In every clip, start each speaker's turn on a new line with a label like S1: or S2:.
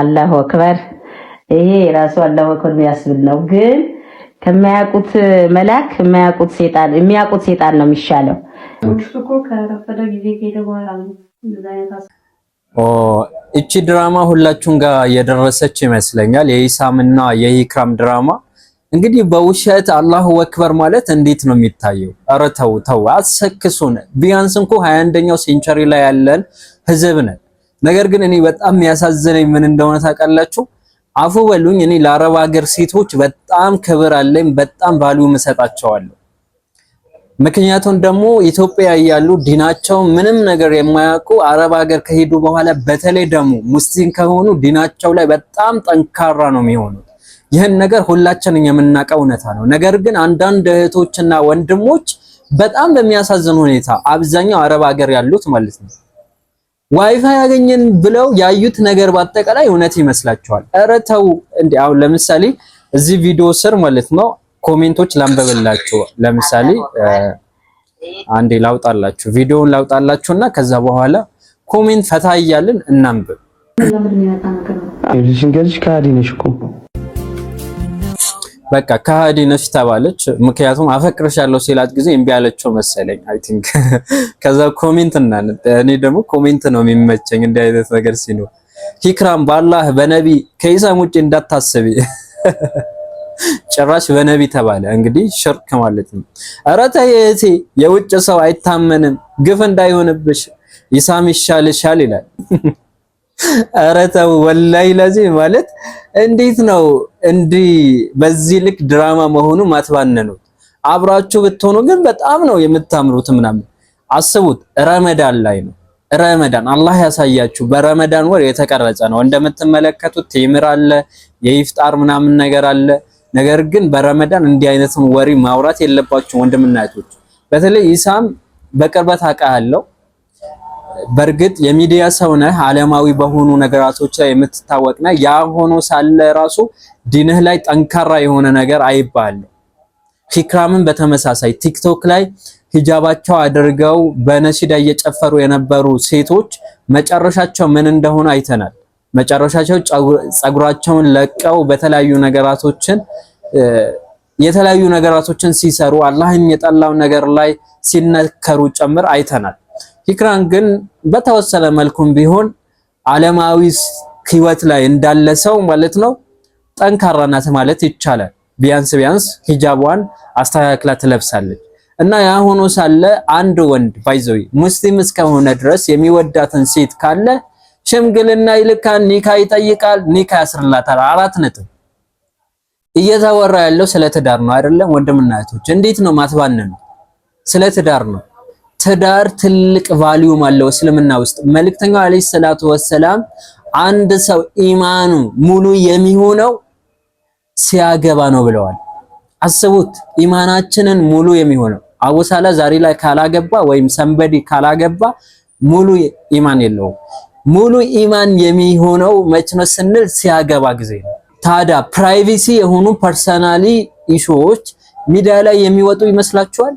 S1: አላሁ አክበር። ይሄ ራሱ አላሁ አክበር የሚያስብል ነው። ግን ከማያውቁት መልአክ የማያውቁት ሴጣን የሚያውቁት ሴጣን ነው የሚሻለው።
S2: እቺ ድራማ ሁላችሁም ጋር የደረሰች ይመስለኛል። የኢሳምና የኢክራም ድራማ እንግዲህ በውሸት አላሁ አክበር ማለት እንዴት ነው የሚታየው? ኧረ ተው ተው፣ አሰክሱን። ቢያንስ እንኳ 21ኛው ሴንቸሪ ላይ ያለን ህዝብ ነን። ነገር ግን እኔ በጣም የሚያሳዝነኝ ምን እንደሆነ ታውቃላችሁ? አፉ በሉኝ። እኔ ለአረብ ሀገር ሴቶች በጣም ክብር አለኝ፣ በጣም ባሉ እሰጣቸዋለሁ። ምክንያቱም ደግሞ ኢትዮጵያ እያሉ ዲናቸው ምንም ነገር የማያውቁ አረብ ሀገር ከሄዱ በኋላ በተለይ ደግሞ ሙስሊም ከሆኑ ዲናቸው ላይ በጣም ጠንካራ ነው የሚሆኑት። ይህን ነገር ሁላችንም የምናውቀው እውነታ ነው። ነገር ግን አንዳንድ እህቶችና ወንድሞች በጣም በሚያሳዝን ሁኔታ አብዛኛው አረብ ሀገር ያሉት ማለት ነው ዋይፋይ ያገኘን ብለው ያዩት ነገር በአጠቃላይ እውነት ይመስላቸዋል። ኧረ ተው እንዴ! አሁን ለምሳሌ እዚህ ቪዲዮ ስር ማለት ነው ኮሜንቶች ላንበብላችሁ። ለምሳሌ አንዴ ላውጣላችሁ፣ ቪዲዮውን ላውጣላችሁና ከዛ በኋላ ኮሜንት ፈታ እያልን እናንብብ። በቃ ከሃዲ ነሽ ተባለች። ምክንያቱም አፈቅርሻለሁ ሲላት ጊዜ እምቢ አለችው መሰለኝ አይ ቲንክ። ከዛ ኮሜንት እና እኔ ደግሞ ኮሜንት ነው የሚመቸኝ እንዲህ አይነት ነገር ሲኖር። ሂክራም ባላህ በነቢ ከኢሳም ውጭ እንዳታስቢ። ጭራሽ በነቢ ተባለ እንግዲህ ሽርክ ማለት ነው። ኧረ ተይ እህቴ፣ የውጭ ሰው አይታመንም፣ ግፍ እንዳይሆንብሽ ኢሳም ይሻልሻል ይላል። ኧረ ተው ወላሂ ማለት እንዴት ነው እንዲህ በዚህ ልክ ድራማ መሆኑ ማትባነኑት? አብራችሁ ብትሆኑ ግን በጣም ነው የምታምሩት ምናምን። አስቡት ረመዳን ላይ ነው ረመዳን አላህ ያሳያችሁ። በረመዳን ወር የተቀረጸ ነው እንደምትመለከቱት። ቴምር አለ፣ የኢፍጣር ምናምን ነገር አለ። ነገር ግን በረመዳን እንዲህ አይነትም ወሬ ማውራት የለባችሁ ወንድምና እህቶች። በተለይ ኢሳም በቅርበት አውቃለሁ በእርግጥ የሚዲያ ሰው ነህ፣ አለማዊ በሆኑ ነገራቶች ላይ የምትታወቅ ነህ። ያ ሆኖ ሳለ ራሱ ዲንህ ላይ ጠንካራ የሆነ ነገር አይባልም። ፊክራምን በተመሳሳይ ቲክቶክ ላይ ሂጃባቸው አድርገው በነሺዳ እየጨፈሩ የነበሩ ሴቶች መጨረሻቸው ምን እንደሆነ አይተናል። መጨረሻቸው ጸጉራቸውን ለቀው በተለያዩ ነገራቶችን የተለያዩ ነገራቶችን ሲሰሩ አላህን የጠላው ነገር ላይ ሲነከሩ ጨምር አይተናል። ኢክራን ግን በተወሰነ መልኩም ቢሆን ዓለማዊ ህይወት ላይ እንዳለ ሰው ማለት ነው ጠንካራ ናት ማለት ይቻላል። ቢያንስ ቢያንስ ሂጃቧን አስተካክላ ትለብሳለች እና ያ ሆኖ ሳለ አንድ ወንድ ባይዘዊ ሙስሊም እስከሆነ ድረስ የሚወዳትን ሴት ካለ ሽምግልና ይልካል፣ ኒካ ይጠይቃል፣ ኒካ ያስርላታል። አራት ነጥብ። እየተወራ ያለው ስለ ትዳር ነው አይደለም? ወንድምና እህቶች እንዴት ነው ማትባነነው? ስለ ትዳር ነው። ትዳር ትልቅ ቫሊዩም አለው እስልምና ውስጥ። መልእክተኛው አለይሂ ሰላቱ ወሰላም አንድ ሰው ኢማኑ ሙሉ የሚሆነው ሲያገባ ነው ብለዋል። አስቡት፣ ኢማናችንን ሙሉ የሚሆነው አቡሳላ ዛሬ ላይ ካላገባ ወይም ሰንበዲ ካላገባ ሙሉ ኢማን የለውም። ሙሉ ኢማን የሚሆነው መች ነው ስንል ሲያገባ ጊዜ ነው። ታዲያ ፕራይቬሲ የሆኑ ፐርሰናሊ ኢሹዎች ሚዲያ ላይ የሚወጡ ይመስላችኋል?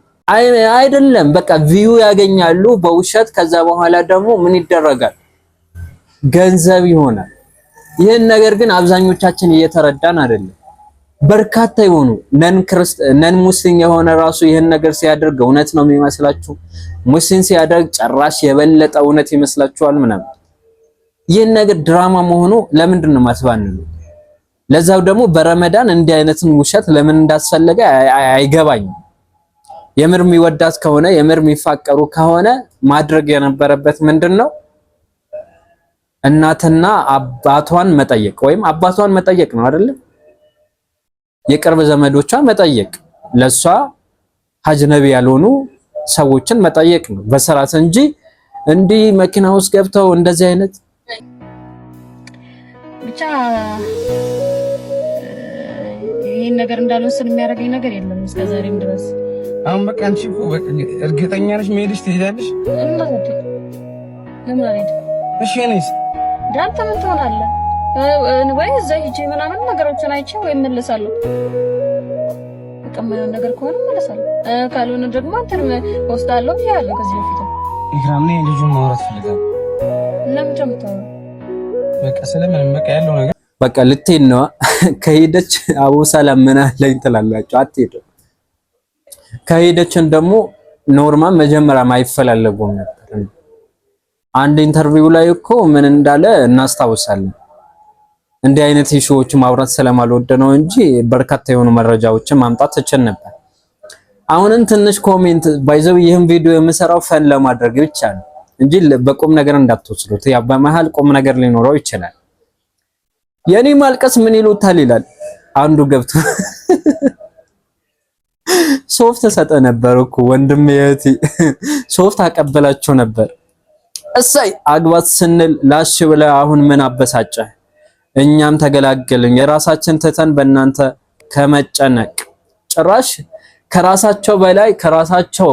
S2: አይደለም በቃ ቪዩ ያገኛሉ በውሸት ከዛ በኋላ ደግሞ ምን ይደረጋል ገንዘብ ይሆናል ይህን ነገር ግን አብዛኞቻችን እየተረዳን አይደለም በርካታ የሆኑ ነን ክርስት ነን ሙስሊም የሆነ ራሱ ይህን ነገር ሲያደርግ እውነት ነው የሚመስላችሁ ሙስሊም ሲያደርግ ጭራሽ የበለጠ እውነት ይመስላችኋል ምናምን ይህን ነገር ድራማ መሆኑ ለምንድን ነው ማስባንሉ ለዛው ደግሞ በረመዳን እንዲህ አይነትን ውሸት ለምን እንዳስፈለገ አይገባኝም የምር የሚወዳት ከሆነ የምር የሚፋቀሩ ከሆነ ማድረግ የነበረበት ምንድን ነው? እናትና አባቷን መጠየቅ ወይም አባቷን መጠየቅ ነው አይደለም? የቅርብ ዘመዶቿን መጠየቅ ለሷ አጅነቢ ያልሆኑ ሰዎችን መጠየቅ ነው በስርዓት እንጂ እንዲህ መኪና ውስጥ ገብተው እንደዚህ አይነት
S3: ብቻ ይህን ነገር እንዳልወስን የሚያደርገኝ ነገር የለም እስከዛሬም ድረስ
S4: አሁን በቃ አንቺ እርግጠኛ ነሽ መሄድሽ ትሄዳለሽ? እሺ እኔስ
S3: ዳንተ ምን ትሆናለህ? ወይ እዛ ሂጅ ምናምን ነገሮችን አይቼ ወይ እመለሳለሁ። የማይሆን ነገር ከሆነ እመለሳለሁ፣ ካልሆነ ደግሞ አንተን እወስዳለሁ ብያለሁ ከዚህ በፊት።
S4: ኢክራም ልጁን ማውራት ፈልጋለሁ። በቃ ስለምንም በቃ ያለው ነገር
S2: በቃ ልትሄድ ነዋ። ከሄደች አቡ ሰላም ምን አለኝ ትላላችሁ? አትሄድም ከሄደችን ደግሞ ኖርማል መጀመሪያም አይፈላለጉም ነበር። አንድ ኢንተርቪው ላይ እኮ ምን እንዳለ እናስታውሳለን። እንዲህ አይነት ኢሹዎች ማውራት ስለማልወድ ነው እንጂ በርካታ የሆኑ መረጃዎችን ማምጣት እችል ነበር። አሁንም ትንሽ ኮሜንት ባይዘው ይህም ቪዲዮ የምሰራው ፈን ለማድረግ ብቻ ነው እንጂ በቁም ነገር እንዳትወስዱት። ያ በመሃል ቁም ነገር ሊኖረው ይችላል። የኔ ማልቀስ ምን ይሉታል ይላል አንዱ ገብቶ ሶፍ ተሰጠ ነበር እኮ ወንድም የቲ ሶፍት አቀበላቸው ነበር። እሰይ አግባት ስንል ላሽ ብለ አሁን ምን አበሳጨ? እኛም ተገላገልን የራሳችን ትተን በእናንተ ከመጨነቅ ጭራሽ ከራሳቸው በላይ ከራሳቸው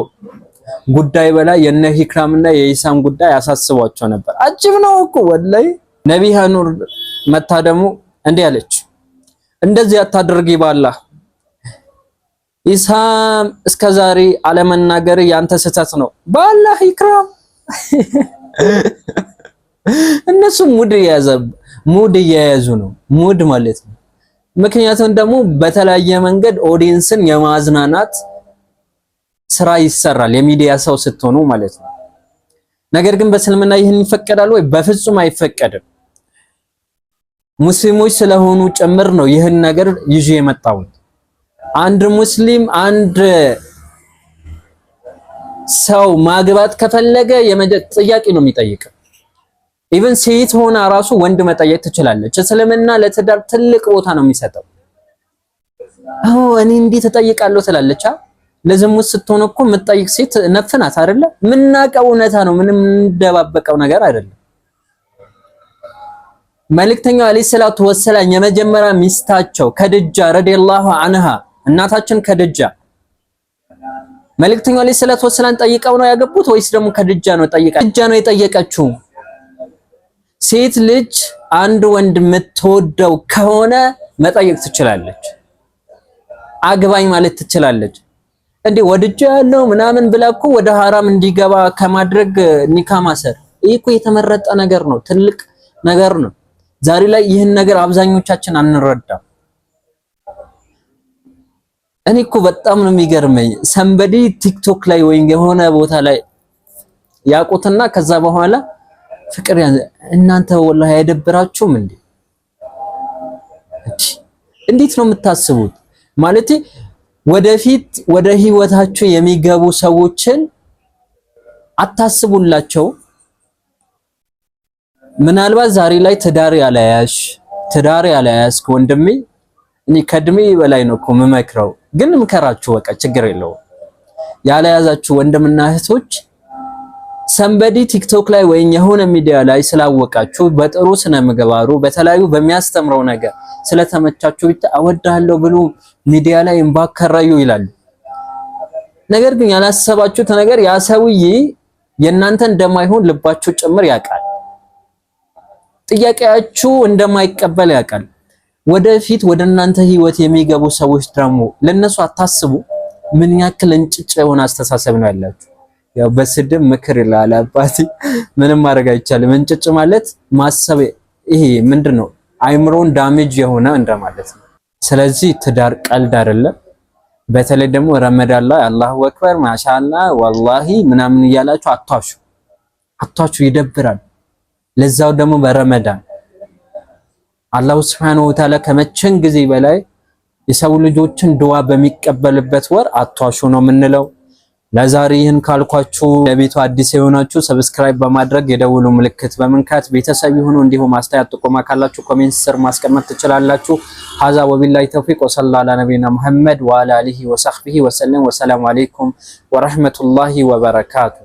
S2: ጉዳይ በላይ የነ ሂክራምና የኢሳም ጉዳይ አሳስቧቸው ነበር። አጅብ ነው እኮ ወላይ ነቢህ ኑር መታደሙ ደግሞ እንዲህ አለች፣ እንደዚህ አታደርጊ ባላህ ኢሳም እስከ ዛሬ አለመናገር ያንተ ስህተት ነው። ባላህ ይክራም። እነሱ ሙድ የያዘ ሙድ እየያዙ ነው፣ ሙድ ማለት ነው። ምክንያቱም ደግሞ በተለያየ መንገድ ኦዲየንስን የማዝናናት ስራ ይሰራል፣ የሚዲያ ሰው ስትሆኑ ማለት ነው። ነገር ግን በእስልምና ይህን ይፈቀዳል ወይ? በፍጹም አይፈቀድም። ሙስሊሞች ስለሆኑ ጭምር ነው ይህን ነገር ይዤ የመጣሁት። አንድ ሙስሊም አንድ ሰው ማግባት ከፈለገ ጥያቄ ነው የሚጠይቀው። ኢቭን ሴት ሆና ራሱ ወንድ መጠየቅ ትችላለች። እስልምና ለትዳር ትልቅ ቦታ ነው የሚሰጠው። አዎ እኔ እንዴት ትጠይቃለሁ ትላለች። ለዝሙት ስትሆን እኮ የምትጠይቅ ሴት ነፍናት አይደለ? የምናውቀው እውነታ ነው። ምንም እንደባበቀው ነገር አይደለም። መልእክተኛው አለይሂ ሰላቱ ወሰላም የመጀመሪያ ሚስታቸው ከድጃ ረዲየላሁ አንሃ እናታችን ከድጃ መልእክተኛው ላይ ሰለላሁ ዐለይሂ ወሰለም ጠይቀው ነው ያገቡት ወይስ ደግሞ ከድጃ ነው ጠይቃ ድጃ ነው የጠየቀችው? ሴት ልጅ አንድ ወንድ የምትወደው ከሆነ መጠየቅ ትችላለች። አግባኝ ማለት ትችላለች። እንዴ ወድጃ ያለው ምናምን ብላ እኮ ወደ ሐራም እንዲገባ ከማድረግ ኒካ ማሰር ይህ እኮ የተመረጠ ነገር ነው፣ ትልቅ ነገር ነው። ዛሬ ላይ ይህን ነገር አብዛኞቻችን አንረዳም። እኔ እኮ በጣም ነው የሚገርመኝ። ሰንበዲ ቲክቶክ ላይ ወይም የሆነ ቦታ ላይ ያውቁትና ከዛ በኋላ ፍቅር እናንተ ወላሂ አይደብራችሁም እንዴ? እንዴት ነው የምታስቡት? ማለት ወደፊት ወደ ህይወታችሁ የሚገቡ ሰዎችን አታስቡላቸው? ምናልባት ዛሬ ላይ ትዳር ያለያሽ ትዳር ያለያስክ ወንድሜ እኔ ከእድሜ በላይ ነው እኮ የምመክረው፣ ግን ምከራችሁ፣ በቃ ችግር የለውም። ያለያዛችሁ ወንድምና እህቶች ሰንበዲ ቲክቶክ ላይ ወይም የሆነ ሚዲያ ላይ ስላወቃችሁ በጥሩ ስነ ምግባሩ በተለያዩ በሚያስተምረው ነገር ስለተመቻችሁ ብቻ አወዳለሁ ብሎ ሚዲያ ላይ እንባከራዩ ይላሉ። ነገር ግን ያላሰባችሁት ነገር ያ ሰውዬ የእናንተ እንደማይሆን ልባችሁ ጭምር ያውቃል። ጥያቄያችሁ እንደማይቀበል ያውቃል። ወደፊት ወደ እናንተ ህይወት የሚገቡ ሰዎች ደግሞ ለነሱ አታስቡ። ምን ያክል እንጭጭ የሆነ አስተሳሰብ ነው ያላችሁ። ያው በስድብ ምክር ይላል አባቴ፣ ምንም ማድረግ አይቻልም። እንጭጭ ማለት ማሰብ ይሄ ምንድነው አይምሮን ዳሜጅ የሆነ እንደማለት ነው። ስለዚህ ትዳር ቀልድ አይደለም። በተለይ ደግሞ ረመዳን ላይ አላሁ አክበር ማሻአላ ወላሂ ምናምን እያላችሁ አቷሹ አቷችሁ ይደብራል። ለዛው ደግሞ በረመዳን አላሁ ስብሐነሁ ወተዓላ ከመቼም ጊዜ በላይ የሰው ልጆችን ድዋ በሚቀበልበት ወር አቷሹ ነው የምንለው። ለዛሬ ይህን ካልኳችሁ፣ ለቤቱ አዲስ የሆናችሁ ሰብስክራይብ በማድረግ የደውሉ ምልክት በመንካት ቤተሰብ ይሁኑ። እንዲሁም አስተያየት፣ ጥቆማ ካላችሁ ኮሜንት ስር ማስቀመጥ ትችላላችሁ። ሀዛ ወቢላሂ ተውፊቅ ወሰላ አላ ነቢና ሙሐመድ ወአላ አሊሂ ወሰህቢሂ ወሰለም። ወሰላሙ አለይኩም ወረህመቱላሂ ወበረካቱ